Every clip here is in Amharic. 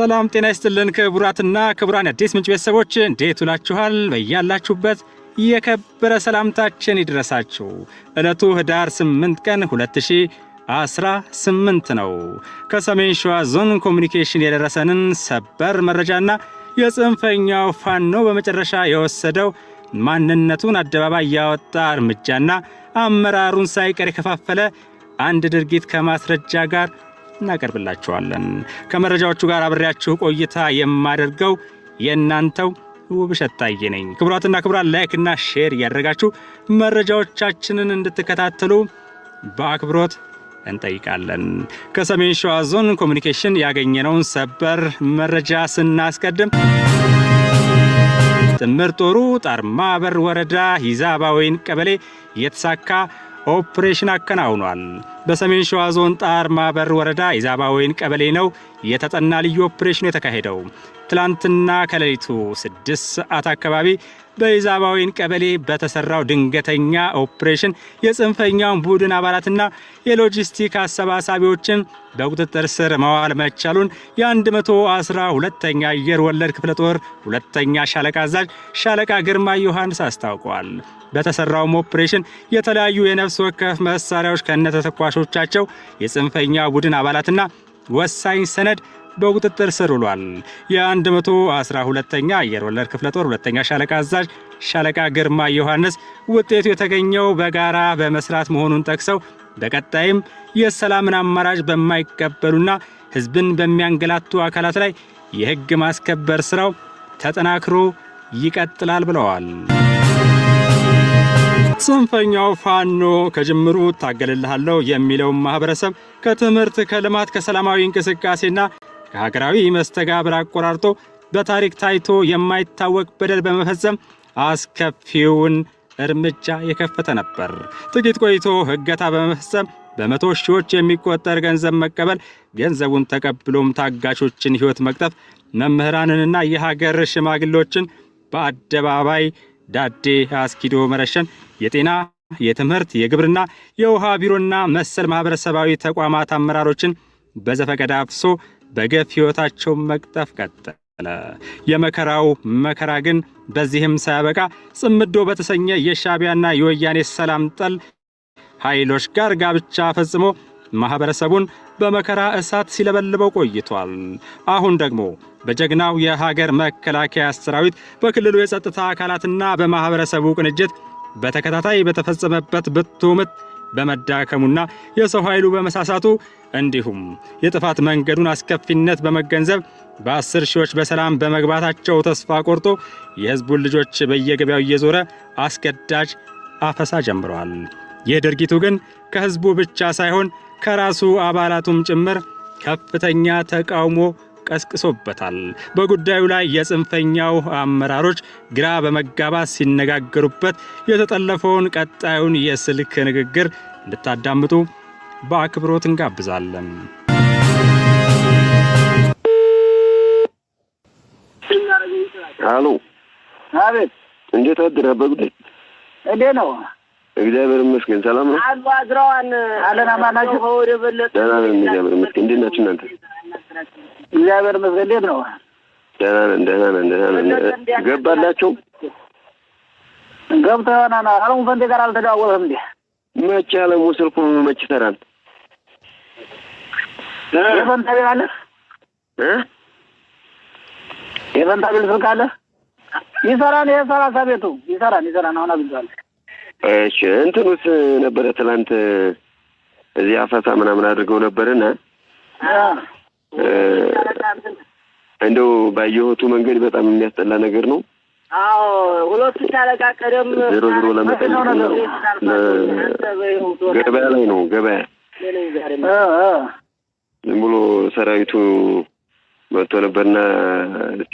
ሰላም ጤና ይስጥልን ክቡራትና ክቡራን የአዲስ ምንጭ ቤተሰቦች እንዴት ውላችኋል? በያላችሁበት የከበረ ሰላምታችን ይድረሳችሁ። ዕለቱ ህዳር 8 ቀን 2018 ነው። ከሰሜን ሸዋ ዞን ኮሚኒኬሽን የደረሰንን ሰበር መረጃና የጽንፈኛው ፋኖ በመጨረሻ የወሰደው ማንነቱን አደባባይ ያወጣ እርምጃና አመራሩን ሳይቀር የከፋፈለ አንድ ድርጊት ከማስረጃ ጋር እናቀርብላችኋለን። ከመረጃዎቹ ጋር አብሬያችሁ ቆይታ የማደርገው የእናንተው ውብሸት ታዬ ነኝ። ክቡራትና ክቡራን ላይክና ሼር እያደረጋችሁ መረጃዎቻችንን እንድትከታተሉ በአክብሮት እንጠይቃለን። ከሰሜን ሸዋ ዞን ኮሚኒኬሽን ያገኘነውን ሰበር መረጃ ስናስቀድም ጥምር ጦሩ ጣርማበር ወረዳ ሂዛባወይን ቀበሌ የተሳካ ኦፕሬሽን አከናውኗል። በሰሜን ሸዋ ዞን ጣር ማበር ወረዳ የዛባ ወይን ቀበሌ ነው የተጠና ልዩ ኦፕሬሽን የተካሄደው ትላንትና ከሌሊቱ ስድስት ሰዓት አካባቢ በኢዛባዊን ቀበሌ በተሰራው ድንገተኛ ኦፕሬሽን የጽንፈኛውን ቡድን አባላትና የሎጂስቲክ አሰባሳቢዎችን በቁጥጥር ስር መዋል መቻሉን የ112ኛ አየር ወለድ ክፍለ ጦር ሁለተኛ ሻለቃ አዛዥ ሻለቃ ግርማ ዮሐንስ አስታውቋል። በተሰራውም ኦፕሬሽን የተለያዩ የነፍስ ወከፍ መሳሪያዎች ከነተተኳሾቻቸው የጽንፈኛ ቡድን አባላትና ወሳኝ ሰነድ በቁጥጥር ስር ውሏል። የ112ኛ አየር ወለድ ክፍለ ጦር ሁለተኛ ሻለቃ አዛዥ ሻለቃ ግርማ ዮሐንስ ውጤቱ የተገኘው በጋራ በመስራት መሆኑን ጠቅሰው በቀጣይም የሰላምን አማራጭ በማይቀበሉና ሕዝብን በሚያንገላቱ አካላት ላይ የሕግ ማስከበር ስራው ተጠናክሮ ይቀጥላል ብለዋል። ጽንፈኛው ፋኖ ከጅምሩ እታገልልሃለሁ የሚለውን ማህበረሰብ ከትምህርት፣ ከልማት፣ ከሰላማዊ እንቅስቃሴና ከሀገራዊ መስተጋብር አቆራርጦ በታሪክ ታይቶ የማይታወቅ በደል በመፈጸም አስከፊውን እርምጃ የከፈተ ነበር። ጥቂት ቆይቶ ህገታ በመፈጸም በመቶ ሺዎች የሚቆጠር ገንዘብ መቀበል፣ ገንዘቡን ተቀብሎም ታጋቾችን ህይወት መቅጠፍ፣ መምህራንንና የሀገር ሽማግሌዎችን በአደባባይ ዳዴ አስኪዶ መረሸን የጤና፣ የትምህርት፣ የግብርና፣ የውሃ ቢሮና መሰል ማህበረሰባዊ ተቋማት አመራሮችን በዘፈቀደ አፍሶ በገፍ ሕይወታቸው መቅጠፍ ቀጠለ። የመከራው መከራ ግን በዚህም ሳያበቃ ጽምዶ በተሰኘ የሻቢያና የወያኔ ሰላም ጠል ኃይሎች ጋር ጋብቻ ፈጽሞ ማህበረሰቡን በመከራ እሳት ሲለበልበው ቆይቷል። አሁን ደግሞ በጀግናው የሀገር መከላከያ ሰራዊት በክልሉ የጸጥታ አካላትና በማህበረሰቡ ቅንጅት በተከታታይ በተፈጸመበት ብርቱ ምት በመዳከሙና የሰው ኃይሉ በመሳሳቱ እንዲሁም የጥፋት መንገዱን አስከፊነት በመገንዘብ በአስር ሺዎች በሰላም በመግባታቸው ተስፋ ቆርጦ የሕዝቡን ልጆች በየገበያው እየዞረ አስገዳጅ አፈሳ ጀምረዋል። ይህ ድርጊቱ ግን ከሕዝቡ ብቻ ሳይሆን ከራሱ አባላቱም ጭምር ከፍተኛ ተቃውሞ ቀስቅሶበታል። በጉዳዩ ላይ የጽንፈኛው አመራሮች ግራ በመጋባት ሲነጋገሩበት የተጠለፈውን ቀጣዩን የስልክ ንግግር እንድታዳምጡ በአክብሮት እንጋብዛለን። አሎ፣ አቤት። እንዴት አደረህ? በጉዳይ እንዴ ነው? እግዚአብሔር ይመስገን ሰላም ነው። አሉ አዝረዋን አለና ማናቸው ወደ በለጠ ደህና ነን። እግዚአብሔር ይመስገን። እንዴት ናችሁ እናንተ? እግዚአብሔር ይመስገን። እንዴት ነው? ደህና ገባላቸው ገብቶ አለሙ ፈንቴ ጋር አልተደዋወልህም እንዴ? መቼ አለሙ ስልኩ መቼ ይሰራል? የፈንታ ቤት አለ የፈንታ ቤት ስልክ አለ ይሰራን የሰላሳ ቤቱ ይሰራን ይሰራን። አሁን አግኝቼዋለሁ። እሺ እንትኑስ ነበረ ትላንት እዚህ አፈሳ ምናምን አድርገው ነበርና እንደው ባየሁት መንገድ በጣም የሚያስጠላ ነገር ነው። አዎ ሁለቱ ሻለቃ ቀደም ዞሮ ዞሮ ለመጠየቅ ገበያ ላይ ነው። ገበያ ዝም ብሎ ሰራዊቱ መጥቶ ነበርና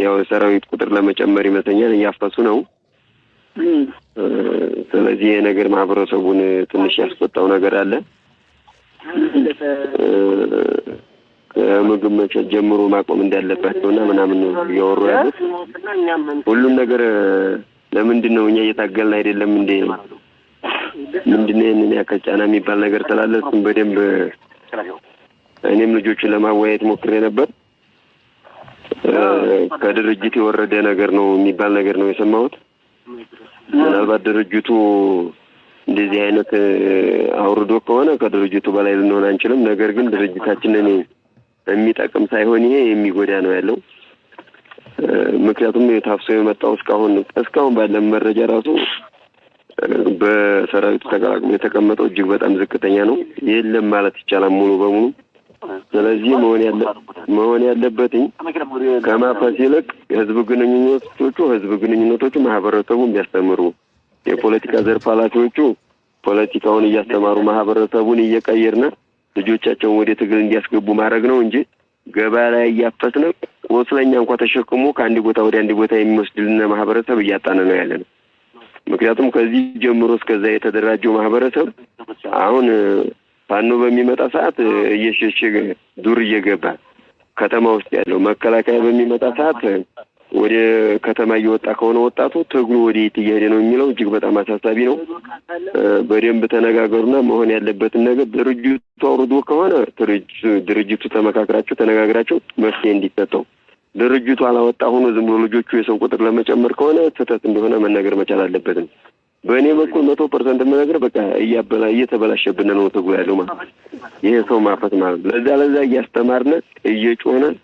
ያው ሰራዊት ቁጥር ለመጨመር ይመስለኛል እያፈሱ ነው። ስለዚህ ይሄ ነገር ማህበረሰቡን ትንሽ ያስቆጣው ነገር አለ። ምግብ መቼ ጀምሮ ማቆም እንዳለባቸው እና ምናምን እያወሩ ያሉት ሁሉም ነገር ለምንድን ነው እኛ እየታገልን አይደለም እንዴ? ምንድነው ይህንን ያክል ጫና የሚባል ነገር ስላለ እሱም በደንብ እኔም ልጆችን ለማወያየት ሞክሬ ነበር። ከድርጅት የወረደ ነገር ነው የሚባል ነገር ነው የሰማሁት። ምናልባት ድርጅቱ እንደዚህ አይነት አውርዶ ከሆነ ከድርጅቱ በላይ ልንሆን አንችልም። ነገር ግን ድርጅታችን እኔ የሚጠቅም ሳይሆን ይሄ የሚጎዳ ነው ያለው። ምክንያቱም ታፍሶ የመጣው እስካሁን እስካሁን ባለን መረጃ ራሱ በሰራዊቱ ተቀላቅሞ የተቀመጠው እጅግ በጣም ዝቅተኛ ነው። የለም ማለት ይቻላል ሙሉ በሙሉ። ስለዚህ መሆን ያለ መሆን ያለበትኝ ከማፈስ ይልቅ ህዝብ ግንኙነቶቹ ህዝብ ግንኙነቶቹ ማህበረሰቡን ቢያስተምሩ፣ የፖለቲካ ዘርፍ ኃላፊዎቹ ፖለቲካውን እያስተማሩ ማህበረሰቡን እየቀየርና ልጆቻቸውን ወደ ትግል እንዲያስገቡ ማድረግ ነው እንጂ ገበያ ላይ እያፈስነ ቁስለኛ እንኳ ተሸክሞ ከአንድ ቦታ ወደ አንድ ቦታ የሚወስድልን ማህበረሰብ እያጣነ ነው ያለ ነው። ምክንያቱም ከዚህ ጀምሮ እስከዛ የተደራጀው ማህበረሰብ አሁን ፋኖ በሚመጣ ሰዓት እየሸሸገ ዱር እየገባ ከተማ ውስጥ ያለው መከላከያ በሚመጣ ሰዓት ወደ ከተማ እየወጣ ከሆነ ወጣቱ ትግሉ ወደ የት እየሄደ ነው የሚለው እጅግ በጣም አሳሳቢ ነው። በደንብ ተነጋገሩና መሆን ያለበትን ነገር ድርጅቱ አውርዶ ከሆነ ድርጅቱ ተመካክራቸው ተነጋግራቸው መፍትሄ እንዲሰጠው፣ ድርጅቱ አላወጣ ሆኖ ዝም ብሎ ልጆቹ የሰው ቁጥር ለመጨመር ከሆነ ስህተት እንደሆነ መናገር መቻል አለበትም። በእኔ በኩል መቶ ፐርሰንት የምነግርህ በቃ እያበላ እየተበላሸብን ነው ትግሉ ያለው ማለት ይሄ ሰው ማፈት ማለት ለዛ ለዛ እያስተማርነ እየጮነን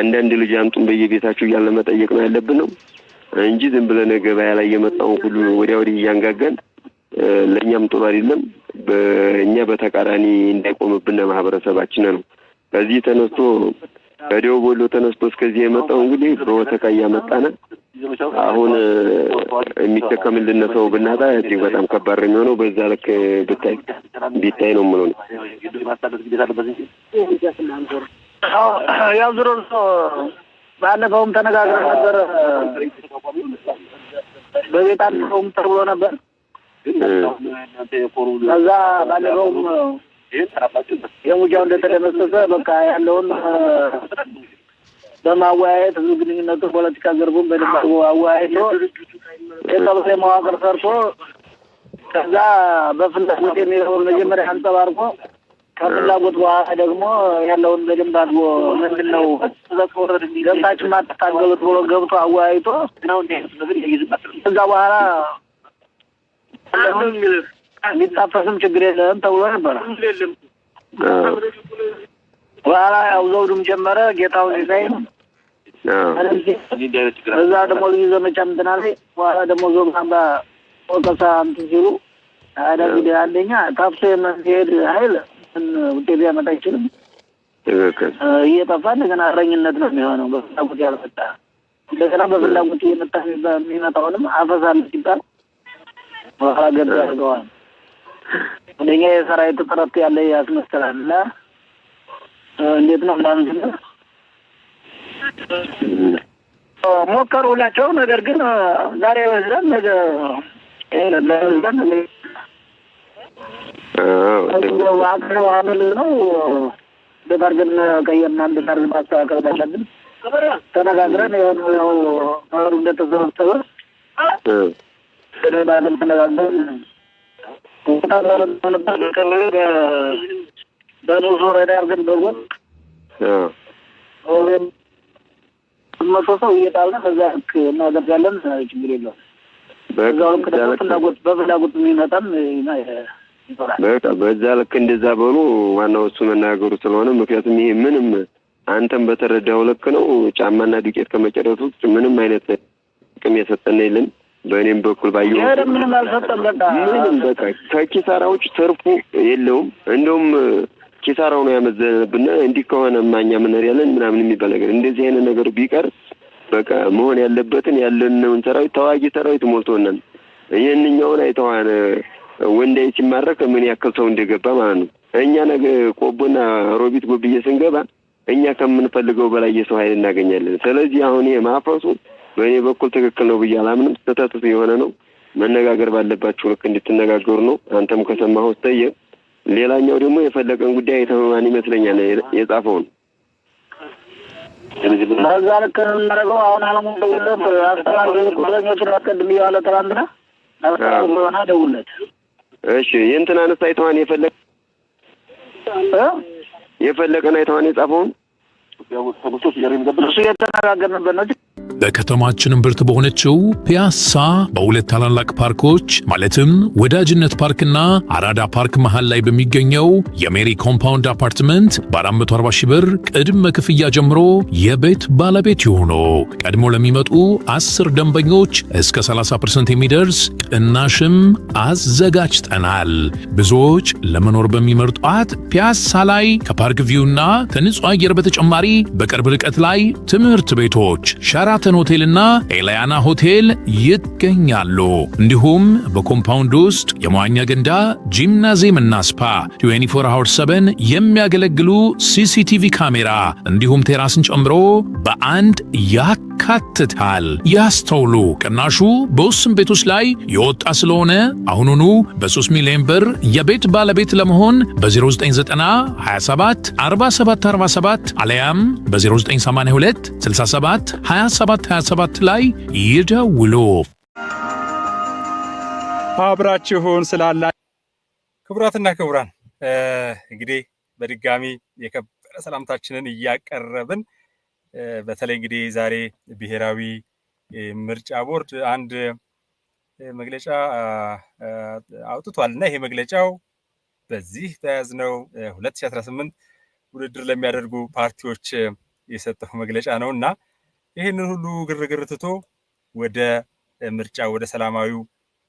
አንዳንድ ልጅ አምጡን በየቤታችሁ እያለ መጠየቅ ነው ያለብን ነው እንጂ ዝም ብለን ገበያ ላይ የመጣውን ሁሉ ወዲያ ወዲህ እያንጋጋን ለእኛም ጥሩ አይደለም። በእኛ በተቃራኒ እንዳይቆምብን ለማህበረሰባችን ነው። ከዚህ ተነስቶ ከደቡብ ወሎ ተነስቶ እስከዚህ የመጣው እንግዲህ በወተካ እያመጣነ አሁን የሚጠቀምልን ሰው ብናጣ እጅግ በጣም ከባድ ነው የሚሆነው። በዛ ልክ ብታይ ቢታይ ነው ምሎ ነው ያው ዞሮ ዞሮ ባለፈውም ተነጋግረን ነበር። በቤት አልፈውም ተብሎ ነበር። ከዛ ባለፈውም የሙጃው እንደተደመሰሰ በቃ ያለውን በማወያየት ህዝብ ግንኙነቱ ፖለቲካ ዘርቡን በደንብ አወያይቶ የቀበሌ መዋቅር ሰርቶ ከዛ በፍላጎት የሚለውን መጀመሪያ አንጸባርቆ ከፍላጎት በኋላ ደግሞ ያለውን በደንብ አድጎ ምንድን ነው ዘወረድ ገብታችን ማታገሉት ብሎ ገብቶ አወያይቶ ነው እንዲ ነገር ይይዝበት እዛ በኋላ የሚጣፈስም ችግር የለም ተብሎ ነበረ። በኋላ ያው ዘውዱም ጀመረ ጌታውን ሲሳይ እዛ ደግሞ ልዩ ዘመቻ እንትና በኋላ ደግሞ ዞምባ ቆቀሳ እንትን ሲሉ አዳ አንደኛ ታፍሶ የመሄድ ሀይል ምን ውጤት ሊያመጣ አይችልም። እየጠፋ እንደገና እረኝነት ነው የሚሆነው። በፍላጎት ያልመጣ እንደገና በፍላጎት እየመጣ የሚመጣውንም አፈሳለ ሲባል በኋላ ገድ ያደርገዋል። እንደኛ የሰራዊት ጥረት ያለ ያስመስላል እና እንዴት ነው እንዳንስነ ሞከሩላቸው። ነገር ግን ዛሬ በዝዳን ነገ ለበዝዳን አቅነው አምል ነው ደባርግን ቀየና አንድ ማስተካከል ባለብን ተነጋግረን የሆኑ እንደተሰበሰበ ስለባግን ተነጋግረን በኑዞ ረዳ አርግን በጎን መቶ ሰው እየጣልን በዛ ልክ እናደርጋለን። ችግር የለውም። በዛው ፍላጎት በፍላጎት የሚመጣም በቃ በዛ ልክ እንደዛ በሉ። ዋናው እሱ መናገሩ ስለሆነ ምክንያቱም ይሄ ምንም አንተም በተረዳው ልክ ነው። ጫማና ዱቄት ከመጨረሱ ውጭ ምንም አይነት ጥቅም የሰጠን የለም። በእኔም በኩል ባየ ምንም አልሰጠም። በቃ ምንም በቃ ከኪሳራዎች ትርፉ የለውም። እንደውም ኪሳራው ነው ያመዘነብና እንዲህ ከሆነ ማኛ ምንር ያለን ምናምን የሚባል ነገር እንደዚህ አይነት ነገር ቢቀር በቃ መሆን ያለበትን ያለንን ሰራዊት ተዋጊ ሰራዊት ሞልቶናል። ይህንኛውን አይተዋነ ወንዳይ ሲማረክ ምን ያክል ሰው እንደገባ ማለት ነው። እኛ ነገ ቆቦና ሮቢት ጉብዬ ስንገባ እኛ ከምንፈልገው በላይ የሰው ኃይል እናገኛለን። ስለዚህ አሁን ይሄ ማፍረሱ በእኔ በኩል ትክክል ነው ብዬ አላምንም። ስህተት የሆነ ነው። መነጋገር ባለባችሁ ልክ እንድትነጋገሩ ነው። አንተም ከሰማህ ውስጠየ ሌላኛው ደግሞ የፈለቀን ጉዳይ የተመማን ይመስለኛል የጻፈውን በዛ ልክ የምናደርገው አሁን አለሙ ደውለት አስተራር ጓደኞችን አስቀድም እያለ ትናንትና አስተራር ሆና ደውለት እሺ የእንትናንስ አይተዋን የፈለገ የፈለቀን አይተዋን የጻፈውን እሱ የተነጋገርንበት ነው። በከተማችን ብርት በሆነችው ፒያሳ በሁለት ታላላቅ ፓርኮች ማለትም ወዳጅነት ፓርክና አራዳ ፓርክ መሃል ላይ በሚገኘው የሜሪ ኮምፓውንድ አፓርትመንት በ440 ሺህ ብር ቅድመ ክፍያ ጀምሮ የቤት ባለቤት ይሆኑ። ቀድሞ ለሚመጡ 10 ደንበኞች እስከ 30% የሚደርስ ቅናሽም አዘጋጅተናል። ብዙዎች ለመኖር በሚመርጧት ፒያሳ ላይ ከፓርክ ቪውና ከንጹህ አየር በተጨማሪ በቅርብ ርቀት ላይ ትምህርት ቤቶች ሻራተን ሆቴልና ኤላያና ሆቴል ይገኛሉ። እንዲሁም በኮምፓውንድ ውስጥ የመዋኛ ገንዳ፣ ጂምናዚየም እና ስፓ 24/7 የሚያገለግሉ ሲሲቲቪ ካሜራ እንዲሁም ቴራስን ጨምሮ በአንድ ያካትታል። ያስተውሉ፣ ቅናሹ በውስን ቤቶች ላይ የወጣ ስለሆነ አሁኑኑ በ3 ሚሊዮን ብር የቤት ባለቤት ለመሆን በ0990 27 47 47 አለያም በ0982 67 2727 ላይ ይደውሉ። አብራችሁን ስላላ ክቡራትና ክቡራን እንግዲህ በድጋሚ የከበረ ሰላምታችንን እያቀረብን በተለይ እንግዲህ ዛሬ ብሔራዊ ምርጫ ቦርድ አንድ መግለጫ አውጥቷል እና ይሄ መግለጫው በዚህ ነው 2018 ውድድር ለሚያደርጉ ፓርቲዎች የሰጠው መግለጫ ነው እና ይህንን ሁሉ ግርግር ትቶ ወደ ምርጫ ወደ ሰላማዊው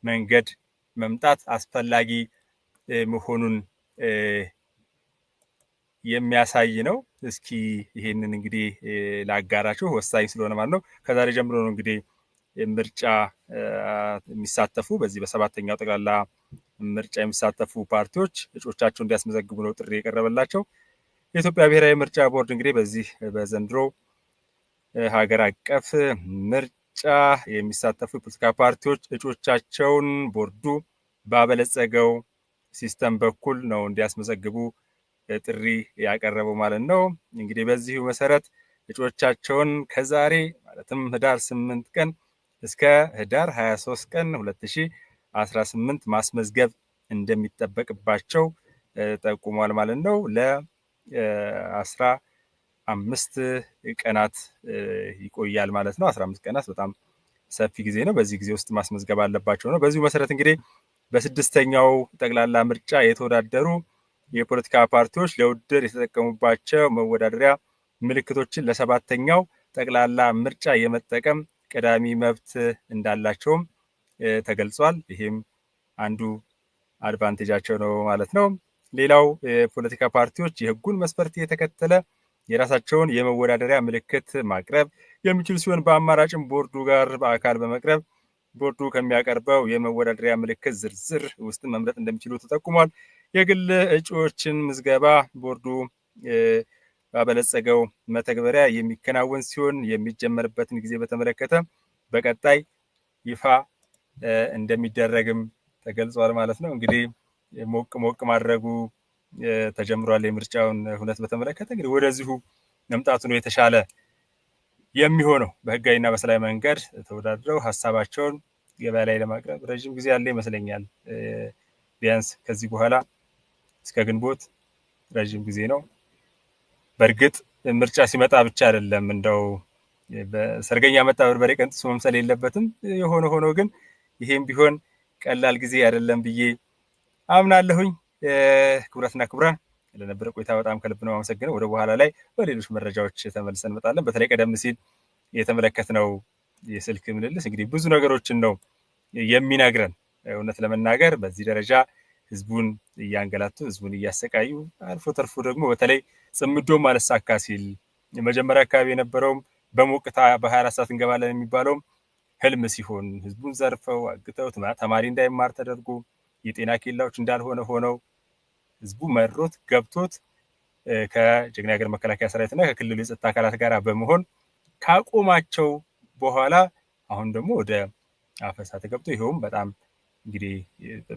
መንገድ መምጣት አስፈላጊ መሆኑን የሚያሳይ ነው። እስኪ ይህንን እንግዲህ ላጋራችሁ፣ ወሳኝ ስለሆነ ማለት ነው። ከዛሬ ጀምሮ ነው እንግዲህ ምርጫ የሚሳተፉ በዚህ በሰባተኛው ጠቅላላ ምርጫ የሚሳተፉ ፓርቲዎች እጩዎቻቸው እንዲያስመዘግቡ ነው ጥሪ የቀረበላቸው። የኢትዮጵያ ብሔራዊ ምርጫ ቦርድ እንግዲህ በዚህ በዘንድሮ ሀገር አቀፍ ምርጫ የሚሳተፉ የፖለቲካ ፓርቲዎች እጩዎቻቸውን ቦርዱ ባበለጸገው ሲስተም በኩል ነው እንዲያስመዘግቡ ጥሪ ያቀረበው ማለት ነው። እንግዲህ በዚሁ መሰረት እጩዎቻቸውን ከዛሬ ማለትም ህዳር 8 ቀን እስከ ህዳር 23 ቀን 2018 ማስመዝገብ እንደሚጠበቅባቸው ጠቁሟል ማለት ነው ለአስራ አምስት ቀናት ይቆያል ማለት ነው። አስራ አምስት ቀናት በጣም ሰፊ ጊዜ ነው። በዚህ ጊዜ ውስጥ ማስመዝገብ አለባቸው ነው። በዚሁ መሰረት እንግዲህ በስድስተኛው ጠቅላላ ምርጫ የተወዳደሩ የፖለቲካ ፓርቲዎች ለውድድር የተጠቀሙባቸው መወዳደሪያ ምልክቶችን ለሰባተኛው ጠቅላላ ምርጫ የመጠቀም ቀዳሚ መብት እንዳላቸውም ተገልጿል። ይህም አንዱ አድቫንቴጃቸው ነው ማለት ነው። ሌላው የፖለቲካ ፓርቲዎች የህጉን መስፈርት የተከተለ የራሳቸውን የመወዳደሪያ ምልክት ማቅረብ የሚችል ሲሆን በአማራጭም ቦርዱ ጋር በአካል በመቅረብ ቦርዱ ከሚያቀርበው የመወዳደሪያ ምልክት ዝርዝር ውስጥ መምረጥ እንደሚችሉ ተጠቁሟል። የግል እጩዎችን ምዝገባ ቦርዱ ባበለጸገው መተግበሪያ የሚከናወን ሲሆን የሚጀመርበትን ጊዜ በተመለከተ በቀጣይ ይፋ እንደሚደረግም ተገልጿል ማለት ነው። እንግዲህ ሞቅ ሞቅ ማድረጉ ተጀምሯል። የምርጫውን ሁነት በተመለከተ እንግዲህ ወደዚሁ መምጣቱ ነው የተሻለ የሚሆነው። በህጋዊና በሰላማዊ መንገድ ተወዳድረው ሀሳባቸውን ገበያ ላይ ለማቅረብ ረዥም ጊዜ ያለ ይመስለኛል። ቢያንስ ከዚህ በኋላ እስከ ግንቦት ረዥም ጊዜ ነው። በእርግጥ ምርጫ ሲመጣ ብቻ አይደለም እንደው በሰርገኛ መጣ በርበሬ ቀንጥሱ መምሰል የለበትም። የሆነ ሆኖ ግን ይሄም ቢሆን ቀላል ጊዜ አይደለም ብዬ አምናለሁኝ። ክቡራትና ክቡራን ለነበረ ቆይታ በጣም ከልብ ነው አመሰግነው። ወደ በኋላ ላይ በሌሎች መረጃዎች ተመልሰን እንመጣለን። በተለይ ቀደም ሲል የተመለከትነው የስልክ ምልልስ እንግዲህ ብዙ ነገሮችን ነው የሚነግረን። እውነት ለመናገር በዚህ ደረጃ ህዝቡን እያንገላቱ ህዝቡን እያሰቃዩ አልፎ ተርፎ ደግሞ በተለይ ጽምዶም ማለሳካ ሲል መጀመሪያ አካባቢ የነበረውም በሞቅታ በሀያ አራት ሰዓት እንገባለን የሚባለውም ህልም ሲሆን ህዝቡን ዘርፈው አግተው ተማሪ እንዳይማር ተደርጎ የጤና ኬላዎች እንዳልሆነ ሆነው ህዝቡ መሮት ገብቶት ከጀግና ሀገር መከላከያ ሰራዊትና ከክልሉ የጸጥታ አካላት ጋር በመሆን ካቆማቸው በኋላ አሁን ደግሞ ወደ አፈሳ ተገብቶ ይኸውም በጣም እንግዲህ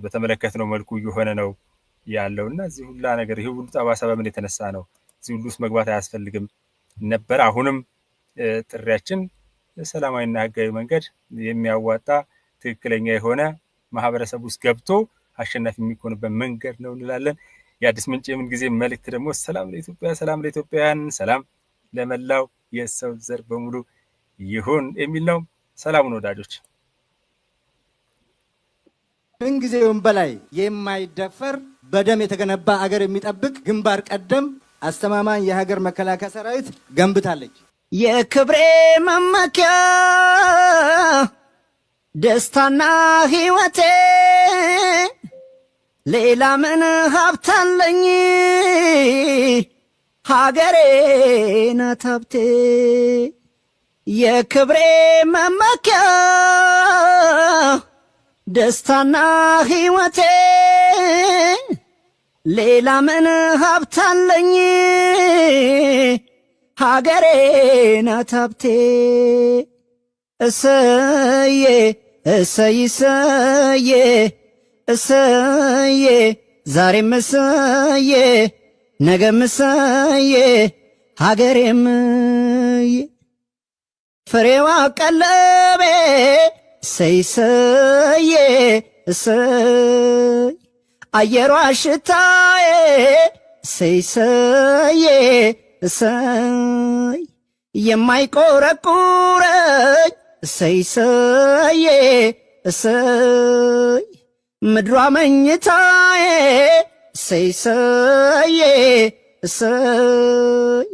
በተመለከትነው መልኩ እየሆነ ነው ያለው እና እዚህ ሁላ ነገር ይህ ሁሉ ጠባሳ በምን የተነሳ ነው? እዚህ ሁሉ ውስጥ መግባት አያስፈልግም ነበር። አሁንም ጥሪያችን ሰላማዊና ህጋዊ መንገድ የሚያዋጣ ትክክለኛ የሆነ ማህበረሰብ ውስጥ ገብቶ አሸናፊ የሚኮንበት መንገድ ነው እንላለን። የአዲስ ምንጭ የምን ጊዜ መልእክት ደግሞ ሰላም ለኢትዮጵያ፣ ሰላም ለኢትዮጵያውያን፣ ሰላም ለመላው የሰው ዘር በሙሉ ይሁን የሚል ነው። ሰላሙን ወዳጆች ምንጊዜውም በላይ የማይደፈር በደም የተገነባ አገር የሚጠብቅ ግንባር ቀደም አስተማማኝ የሀገር መከላከያ ሰራዊት ገንብታለች። የክብሬ መመኪያ ደስታና ሕይወቴ ሌላ ምን ሀብታለኝ ሀገሬ ናት የክብሬ መመኪያ ደስታና ሕይወቴ ሌላ ምን ሀብታለኝ ሀገሬ ናት እሰዬ እሰይ እሰዬ እሰዬ ዛሬም እሰዬ ነገም እሰዬ ሀገሬም ፍሬዋ ቀለቤ እሰይ እሰዬ እሰይ አየሯ ሽታዬ እሰይ እሰዬ እሰይ የማይቆረቁረኝ እሰይ እሰዬ እሰይ ምድሯ መኝታዬ እሰይ እሰዬ እሰይ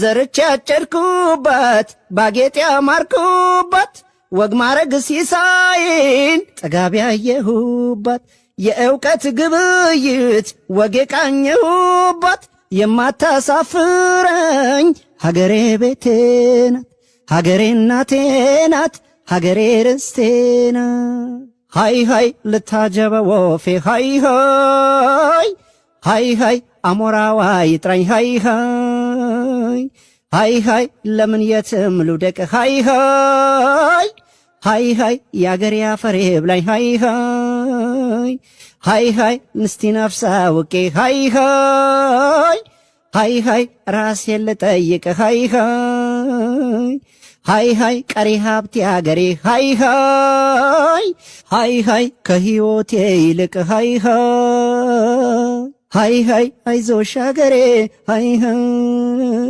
ዘርቼ ያጨድኩባት ባጌጥ ያማርኩባት ወግ ማረግ ሲሳይን ጠጋቢ ያየሁባት የእውቀት ግብይት ወግ የቃኘሁባት የማታሳፍረኝ ሀገሬ ቤቴ ናት ሀገሬ እናቴ ናት ሀገሬ ርስቴ ናት። ሀይ ሀይ ልታጀበ ወፌ ሃይ ሃይ ሃይ ሃይ አሞራዋ ይጥራኝ ሃይ ሃይ ሃይ ሃይ ለምን የትም ልውደቅ ሃይ ሃይ ሀይ ሃይ የአገር ያፈሬ ብላኝ ሃይ ሃይ ሃይ ሃይ ንስቲ ነፍሳ ውቄ ሃይ ሃይ ሃይ ሃይ ራሴ ልጠይቅ ሃይ ሃይ ሃይ ሃይ ቀሪ ሀብቴ አገሬ ሃይ ሃይ ሃይ ሃይ ከህይወቴ ይልቅ ሃይ ሃይ ሃይ ሃይ አይዞሽ አገሬ ሃይ ሃይ